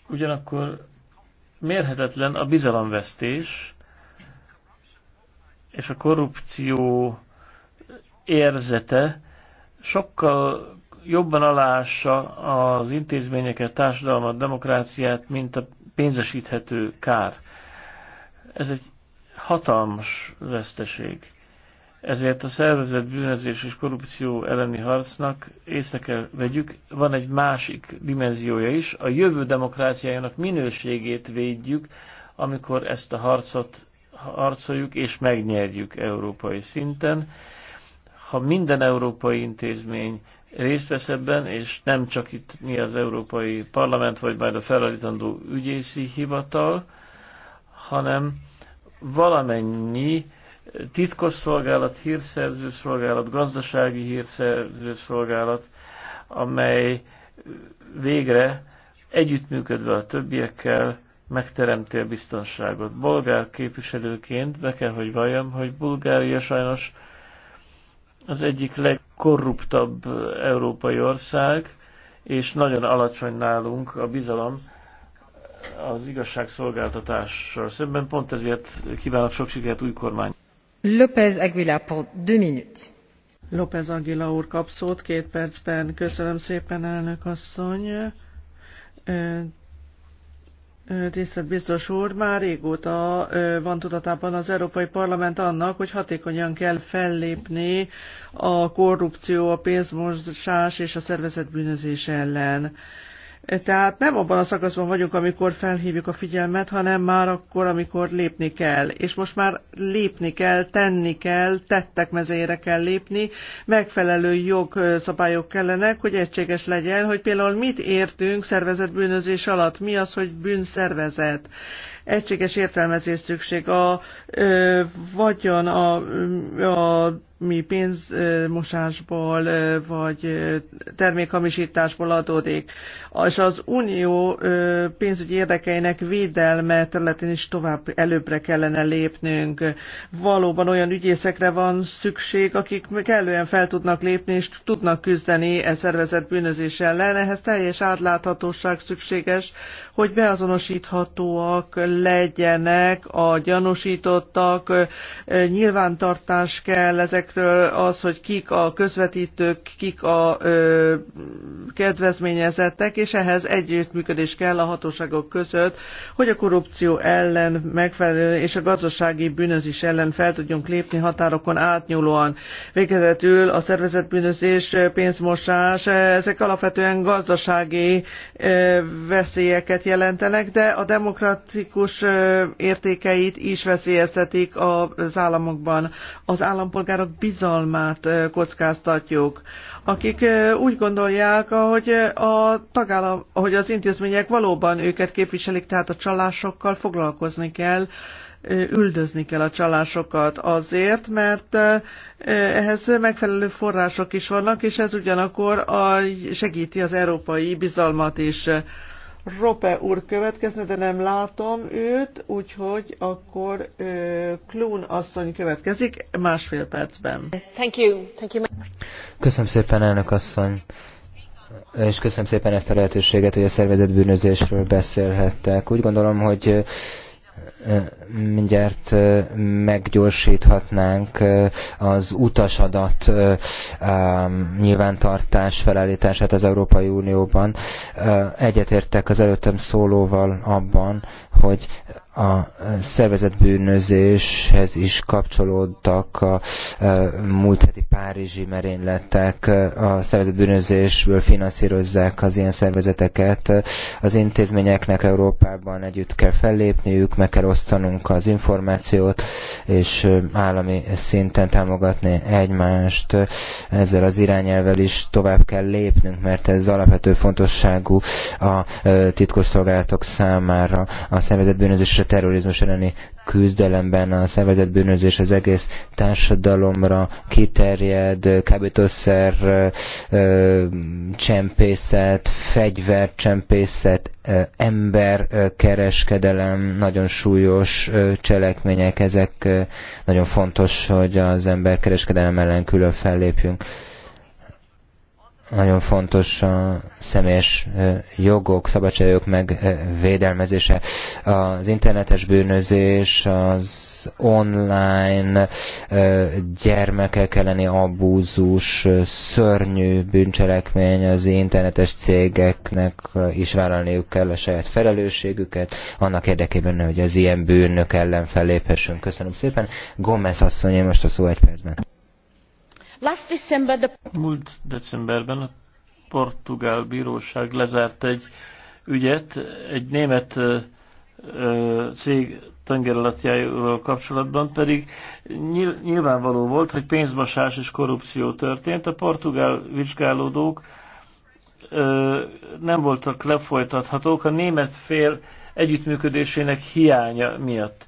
ugyanakkor mérhetetlen a bizalomvesztés, és a korrupció érzete sokkal jobban alássa az intézményeket, társadalmat, demokráciát, mint a pénzesíthető kár. Ez egy hatalmas veszteség. Ezért a szervezett bűnözés és korrupció elleni harcnak észre kell vegyük, van egy másik dimenziója is, a jövő demokráciájának minőségét védjük, amikor ezt a harcot harcoljuk és megnyerjük európai szinten. Ha minden európai intézmény részt vesz ebben, és nem csak itt mi az Európai Parlament, vagy majd a felállítandó ügyészi hivatal, hanem valamennyi titkos szolgálat, hírszerző szolgálat, gazdasági szolgálat, amely végre együttműködve a többiekkel megteremti a biztonságot. Bolgár képviselőként be kell, hogy valljam, hogy Bulgária sajnos az egyik legkorruptabb európai ország, és nagyon alacsony nálunk a bizalom az igazságszolgáltatással szemben. Pont ezért kívánok sok sikert új kormány. López Aguilar pour deux minutes. López Aguilar úr kap szót két percben. Köszönöm szépen, elnök asszony. Tisztelt biztos úr, már régóta van tudatában az Európai Parlament annak, hogy hatékonyan kell fellépni a korrupció, a pénzmosás és a szervezetbűnözés ellen tehát nem abban a szakaszban vagyunk, amikor felhívjuk a figyelmet, hanem már akkor, amikor lépni kell. És most már lépni kell, tenni kell, tettek mezére kell lépni, megfelelő jogszabályok kellenek, hogy egységes legyen, hogy például mit értünk szervezetbűnözés alatt, mi az, hogy bűnszervezet egységes értelmezés szükség. A, ö, vagyon a, a mi pénzmosásból vagy termékhamisításból adódik, és az unió pénzügyi érdekeinek védelme területén is tovább előbbre kellene lépnünk. Valóban olyan ügyészekre van szükség, akik kellően fel tudnak lépni és tudnak küzdeni e szervezet bűnözés ellen. Ehhez teljes átláthatóság szükséges, hogy beazonosíthatóak legyenek a gyanúsítottak, nyilvántartás kell ezek ezekről az, hogy kik a közvetítők, kik a ö, kedvezményezettek, és ehhez együttműködés kell a hatóságok között, hogy a korrupció ellen megfelelően és a gazdasági bűnözés ellen fel tudjunk lépni határokon átnyúlóan. Végezetül a szervezetbűnözés, pénzmosás, ezek alapvetően gazdasági ö, veszélyeket jelentenek, de a demokratikus ö, értékeit is veszélyeztetik az államokban. Az állampolgárok bizalmát kockáztatjuk, akik úgy gondolják, hogy, a tagállam, hogy az intézmények valóban őket képviselik, tehát a csalásokkal foglalkozni kell, üldözni kell a csalásokat azért, mert ehhez megfelelő források is vannak, és ez ugyanakkor segíti az európai bizalmat is. Rope úr következne, de nem látom őt, úgyhogy akkor uh, Klún asszony következik másfél percben. Thank you. Thank you. Köszönöm szépen, elnök asszony. És köszönöm szépen ezt a lehetőséget, hogy a szervezett bűnözésről beszélhettek. Úgy gondolom, hogy mindjárt meggyorsíthatnánk az utasadat nyilvántartás felállítását az Európai Unióban. Egyetértek az előttem szólóval abban, hogy a eh, szervezetbűnözéshez is kapcsolódtak a eh, múlt heti párizsi merényletek. A szervezetbűnözésből finanszírozzák az ilyen szervezeteket. Az intézményeknek Európában együtt kell fellépniük, meg kell osztanunk az információt, és eh, állami szinten támogatni egymást. Ezzel az irányelvel is tovább kell lépnünk, mert ez alapvető fontosságú a titkosszolgálatok számára. A szervezetbűnözésre a terrorizmus elleni küzdelemben a szervezett bűnözés az egész társadalomra kiterjed, kábítószer, csempészet, fegyvercsempészet, emberkereskedelem, nagyon súlyos cselekmények, ezek nagyon fontos, hogy az emberkereskedelem ellen külön fellépjünk. Nagyon fontos a személyes jogok, szabadságok megvédelmezése. Az internetes bűnözés, az online gyermekek elleni abúzus, szörnyű bűncselekmény az internetes cégeknek is vállalniuk kell a saját felelősségüket, annak érdekében, hogy az ilyen bűnök ellen felléphessünk. Köszönöm szépen. Gomez asszony, én most a szó egy percben. Múlt decemberben a portugál bíróság lezárt egy ügyet egy német cég tengeralattjáival kapcsolatban, pedig nyilvánvaló volt, hogy pénzmosás és korrupció történt. A portugál vizsgálódók nem voltak lefolytathatók a német fél együttműködésének hiánya miatt.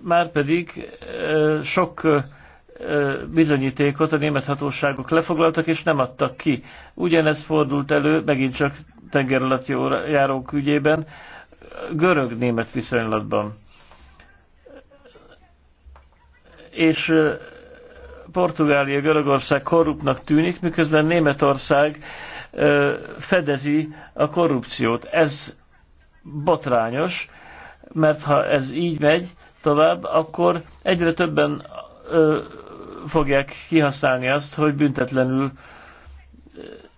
Márpedig sok bizonyítékot a német hatóságok lefoglaltak és nem adtak ki. Ugyanez fordult elő megint csak tenger alatt járók ügyében, görög-német viszonylatban. És Portugália, Görögország korruptnak tűnik, miközben Németország fedezi a korrupciót. Ez botrányos, mert ha ez így megy tovább, akkor egyre többen fogják kihasználni azt, hogy büntetlenül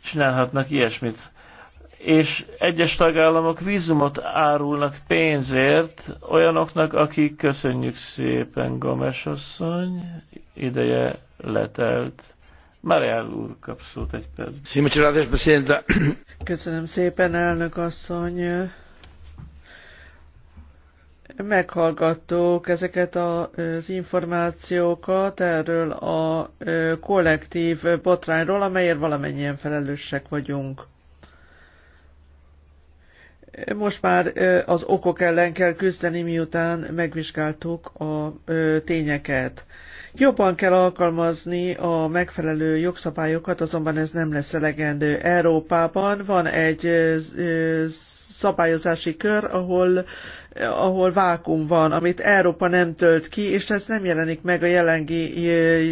csinálhatnak ilyesmit. És egyes tagállamok vízumot árulnak pénzért olyanoknak, akik köszönjük szépen, Gomes asszony, ideje letelt. Mariel úr kap szót egy percben. Köszönöm szépen, elnök asszony meghallgattuk ezeket az információkat erről a kollektív botrányról, amelyért valamennyien felelősek vagyunk. Most már az okok ellen kell küzdeni, miután megvizsgáltuk a tényeket. Jobban kell alkalmazni a megfelelő jogszabályokat, azonban ez nem lesz elegendő. Európában van egy szabályozási kör, ahol, ahol vákum van, amit Európa nem tölt ki, és ez nem jelenik meg a jelengi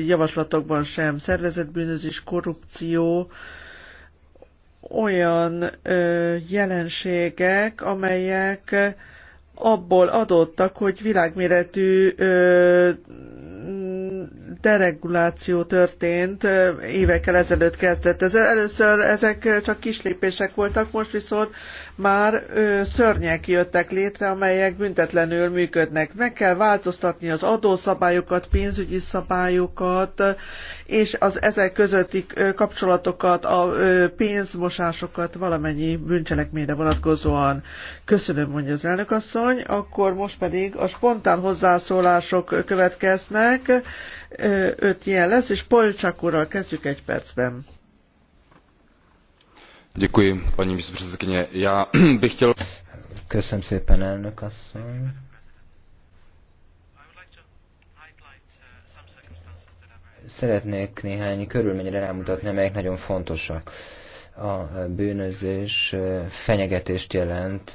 javaslatokban sem. Szervezetbűnözés, korrupció, olyan ö, jelenségek, amelyek abból adottak, hogy világméretű ö, dereguláció történt, évekkel ezelőtt kezdett. Ez először ezek csak kis lépések voltak, most viszont már ö, szörnyek jöttek létre, amelyek büntetlenül működnek. Meg kell változtatni az adószabályokat, pénzügyi szabályokat, és az ezek közötti kapcsolatokat, a ö, pénzmosásokat valamennyi bűncselekményre vonatkozóan. Köszönöm, mondja az elnök asszony. Akkor most pedig a spontán hozzászólások következnek. Ö, öt ilyen lesz, és Polcsak úrral kezdjük egy percben paní předsedkyně. Já bych chtěl... Köszönöm szépen, elnök asszony. Szeretnék néhány körülményre rámutatni, amelyek nagyon fontosak a bűnözés fenyegetést jelent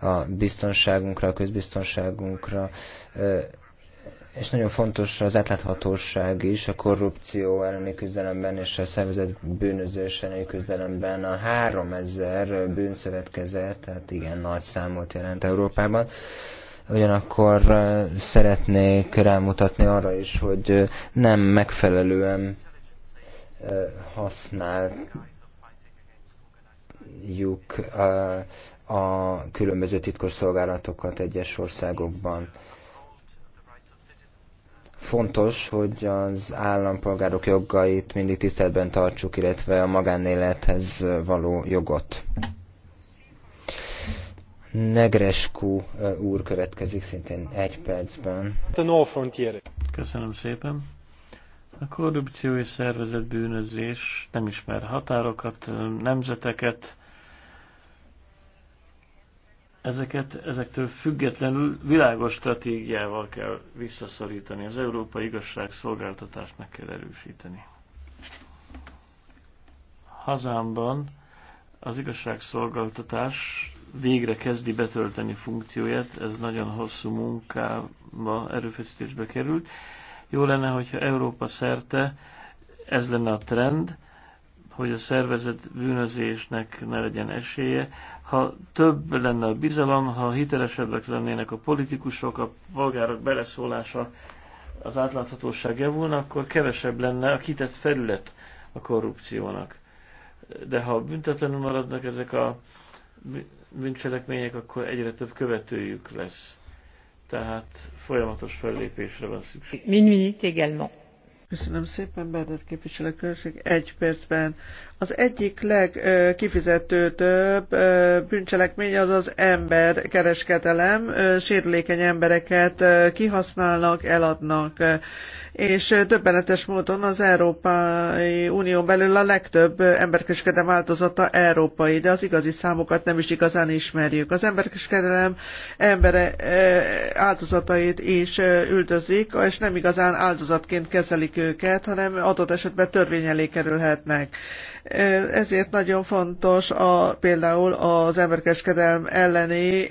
a biztonságunkra, a közbiztonságunkra, és nagyon fontos az átláthatóság is a korrupció elleni küzdelemben és a szervezet bűnözés elleni küzdelemben. A 3000 bűnszövetkezet, tehát igen nagy számot jelent Európában. Ugyanakkor szeretnék rámutatni arra is, hogy nem megfelelően használjuk a különböző szolgálatokat egyes országokban. Fontos, hogy az állampolgárok jogait mindig tiszteletben tartsuk, illetve a magánélethez való jogot. Negrescu úr következik szintén egy percben. Köszönöm szépen. A korrupció és szervezett bűnözés nem ismer határokat, nemzeteket, ezeket ezektől függetlenül világos stratégiával kell visszaszorítani. Az európai szolgáltatást meg kell erősíteni. Hazámban az igazságszolgáltatás végre kezdi betölteni funkcióját, ez nagyon hosszú munkába, erőfeszítésbe került. Jó lenne, hogyha Európa szerte ez lenne a trend, hogy a szervezet bűnözésnek ne legyen esélye. Ha több lenne a bizalom, ha hitelesebbek lennének a politikusok, a polgárok beleszólása, az átláthatóság javulna, akkor kevesebb lenne a kitett felület a korrupciónak. De ha büntetlenül maradnak ezek a bűncselekmények, akkor egyre több követőjük lesz. Tehát folyamatos fellépésre van szükség. Minuit également. Köszönöm szépen, Bernard képviselő Egy percben az egyik legkifizetőbb bűncselekmény az az emberkereskedelem. Sérülékeny embereket kihasználnak, eladnak. És döbbenetes módon az Európai Unión belül a legtöbb emberkereskedelem változata európai, de az igazi számokat nem is igazán ismerjük. Az emberkereskedelem embere áldozatait is üldözik, és nem igazán áldozatként kezelik őket, hanem adott esetben törvény elé kerülhetnek. Ezért nagyon fontos a, például az emberkereskedelm elleni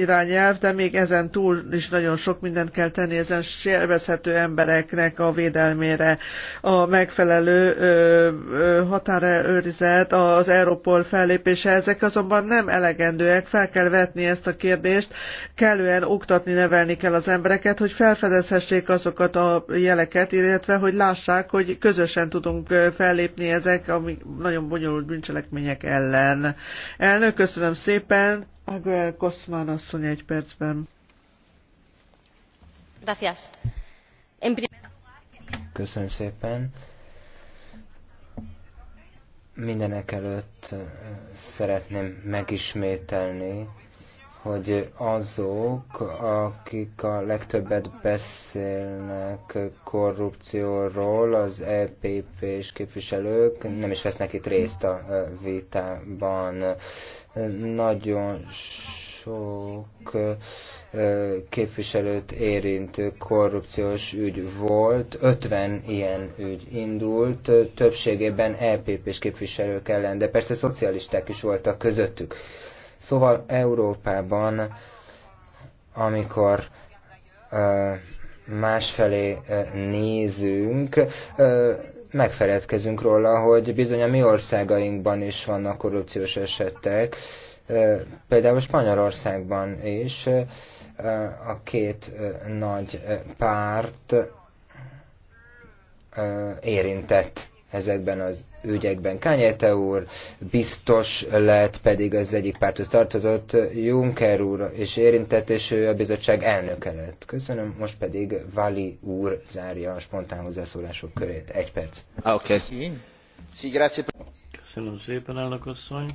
irányelv, de még ezen túl is nagyon sok mindent kell tenni ezen sérvezhető embereknek a védelmére. A megfelelő határőrizet, az Europol fellépése, ezek azonban nem elegendőek, fel kell vetni ezt a kérdést, kellően oktatni, nevelni kell az embereket, hogy felfedezhessék azokat a jeleket, illetve hogy lássák, hogy közösen tudunk fellépni ezek ezek a nagyon bonyolult bűncselekmények ellen. Elnök, köszönöm szépen. Aguel Koszmán asszony egy percben. Gracias. Köszönöm szépen. Mindenek előtt eh, szeretném megismételni, hogy azok, akik a legtöbbet beszélnek korrupcióról, az EPP és képviselők nem is vesznek itt részt a vitában. Nagyon sok képviselőt érintő korrupciós ügy volt, 50 ilyen ügy indult, többségében epp és képviselők ellen, de persze szocialisták is voltak közöttük Szóval Európában, amikor másfelé nézünk, megfeledkezünk róla, hogy bizony a mi országainkban is vannak korrupciós esetek, például Spanyolországban is a két nagy párt érintett ezekben az ügyekben. Kányete úr biztos lett, pedig az egyik párthoz tartozott, Juncker úr és érintett, és ő a bizottság elnöke lett. Köszönöm, most pedig Vali úr zárja a spontán hozzászólások körét. Egy perc. Ah, oké. Okay. Köszönöm szépen, elnök asszony.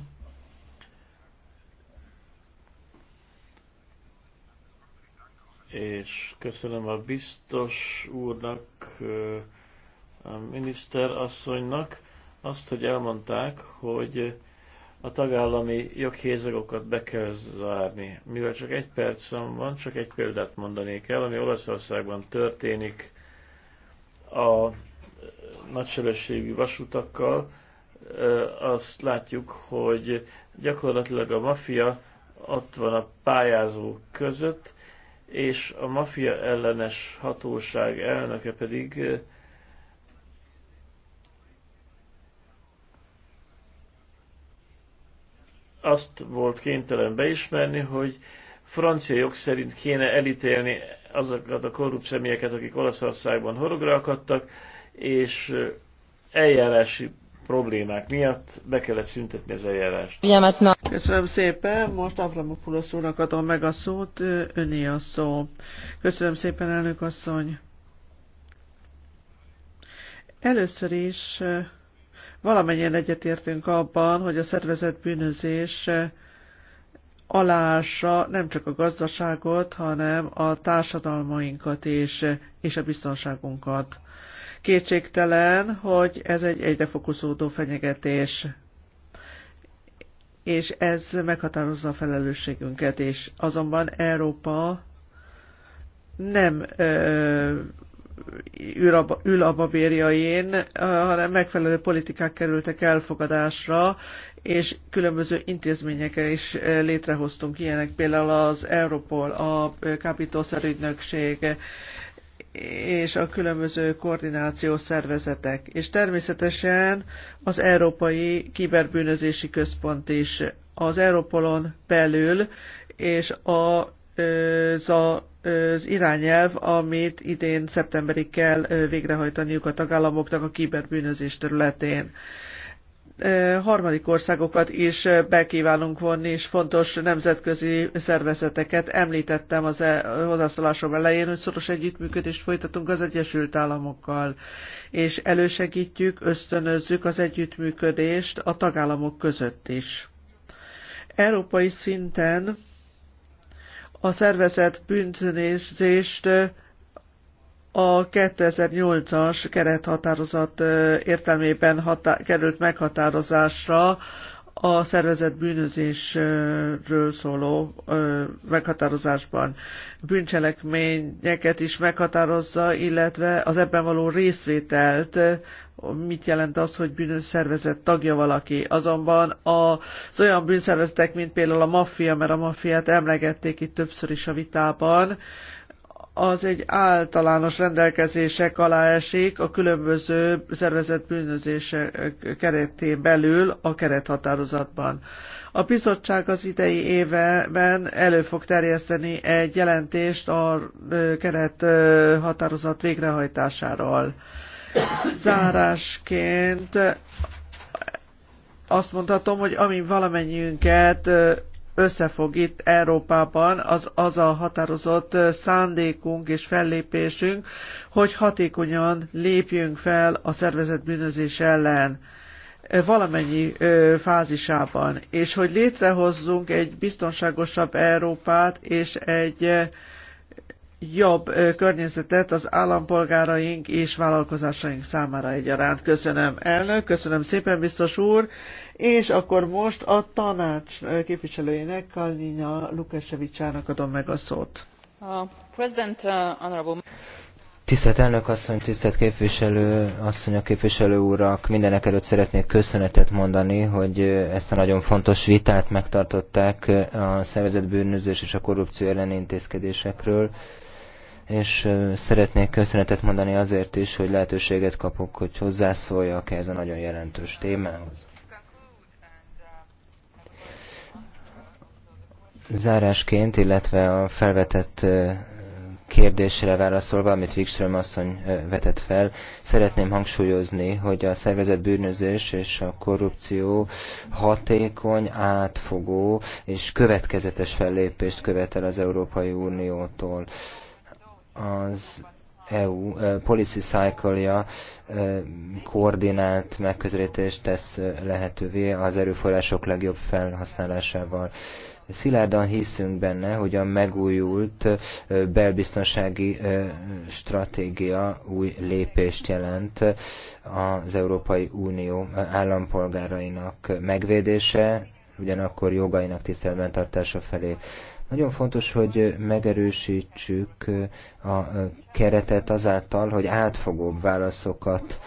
És köszönöm a biztos úrnak, a miniszter asszonynak azt, hogy elmondták, hogy a tagállami joghézagokat be kell zárni. Mivel csak egy percem van, csak egy példát mondanék el, ami Olaszországban történik a nagysebességű vasutakkal, azt látjuk, hogy gyakorlatilag a mafia ott van a pályázók között, és a mafia ellenes hatóság elnöke pedig azt volt kénytelen beismerni, hogy francia jog szerint kéne elítélni azokat a korrupt személyeket, akik Olaszországban horogra akadtak, és eljárási problémák miatt be kellett szüntetni az eljárást. Köszönöm szépen, most Avramopoulos úrnak adom meg a szót, öné a szó. Köszönöm szépen, elnök asszony. Először is Valamennyien egyetértünk abban, hogy a szervezett bűnözés alása nem csak a gazdaságot, hanem a társadalmainkat és, és a biztonságunkat. Kétségtelen, hogy ez egy egyre fokozódó fenyegetés, és ez meghatározza a felelősségünket és Azonban Európa nem ö, ül a babérjain, hanem megfelelő politikák kerültek elfogadásra, és különböző intézményeket is létrehoztunk ilyenek, például az Europol, a kábítószerügynökség, és a különböző koordinációs szervezetek. És természetesen az Európai Kiberbűnözési Központ is az Európolon belül és a az a az irányelv, amit idén szeptemberig kell végrehajtaniuk a tagállamoknak a kiberbűnözés területén harmadik országokat is bekívánunk vonni, és fontos nemzetközi szervezeteket. Említettem az e, hozzászólásom elején, hogy szoros együttműködést folytatunk az Egyesült Államokkal, és elősegítjük, ösztönözzük az együttműködést a tagállamok között is. Európai szinten a szervezet bűnzést a 2008-as kerethatározat értelmében hatá- került meghatározásra a szervezett bűnözésről szóló meghatározásban. Bűncselekményeket is meghatározza, illetve az ebben való részvételt, mit jelent az, hogy bűnös szervezet tagja valaki. Azonban az olyan bűnszervezetek, mint például a maffia, mert a maffiát emlegették itt többször is a vitában, az egy általános rendelkezések alá esik a különböző szervezett bűnözések keretén belül a kerethatározatban. A bizottság az idei évben elő fog terjeszteni egy jelentést a kerethatározat végrehajtásáról. Zárásként azt mondhatom, hogy amin valamennyiünket összefog itt Európában, az, az a határozott szándékunk és fellépésünk, hogy hatékonyan lépjünk fel a szervezet bűnözés ellen valamennyi fázisában, és hogy létrehozzunk egy biztonságosabb Európát és egy jobb környezetet az állampolgáraink és vállalkozásaink számára egyaránt. Köszönöm elnök, köszönöm szépen biztos úr, és akkor most a tanács képviselőjének, Kalnina Lukasevicsának adom meg a szót. Uh, President, uh, honorable... Tisztelt elnök asszony, tisztelt képviselő asszony, a képviselő urak, mindenek előtt szeretnék köszönetet mondani, hogy ezt a nagyon fontos vitát megtartották a szervezett bűnözés és a korrupció elleni intézkedésekről, és szeretnék köszönetet mondani azért is, hogy lehetőséget kapok, hogy hozzászóljak -e ez a nagyon jelentős témához. Zárásként, illetve a felvetett kérdésre válaszolva, amit Wikström asszony vetett fel, szeretném hangsúlyozni, hogy a szervezett bűnözés és a korrupció hatékony, átfogó és következetes fellépést követel az Európai Uniótól. Az EU policy cycle-ja koordinált megközelítést tesz lehetővé az erőforrások legjobb felhasználásával. Szilárdan hiszünk benne, hogy a megújult belbiztonsági stratégia új lépést jelent az Európai Unió állampolgárainak megvédése, ugyanakkor jogainak tiszteletben tartása felé. Nagyon fontos, hogy megerősítsük a keretet azáltal, hogy átfogóbb válaszokat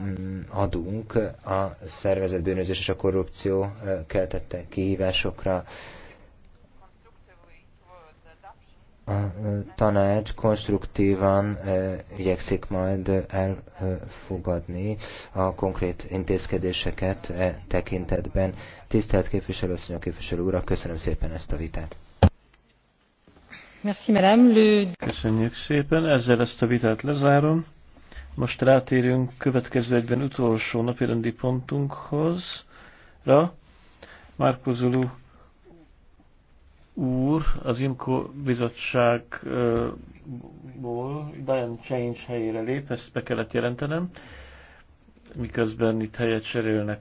Mm, adunk a szervezett bűnözés és a korrupció keltette kihívásokra. A tanács konstruktívan igyekszik majd elfogadni a konkrét intézkedéseket e tekintetben. Tisztelt képviselő, asszonyok, képviselő úr, köszönöm szépen ezt a vitát. Köszönjük szépen, ezzel ezt a vitát lezárom. Most rátérünk következő egyben utolsó napirendi pontunkhoz. Ra. Márkozulu úr az Imko bizottságból Diane Change helyére lép, ezt be kellett jelentenem, miközben itt helyet cserélnek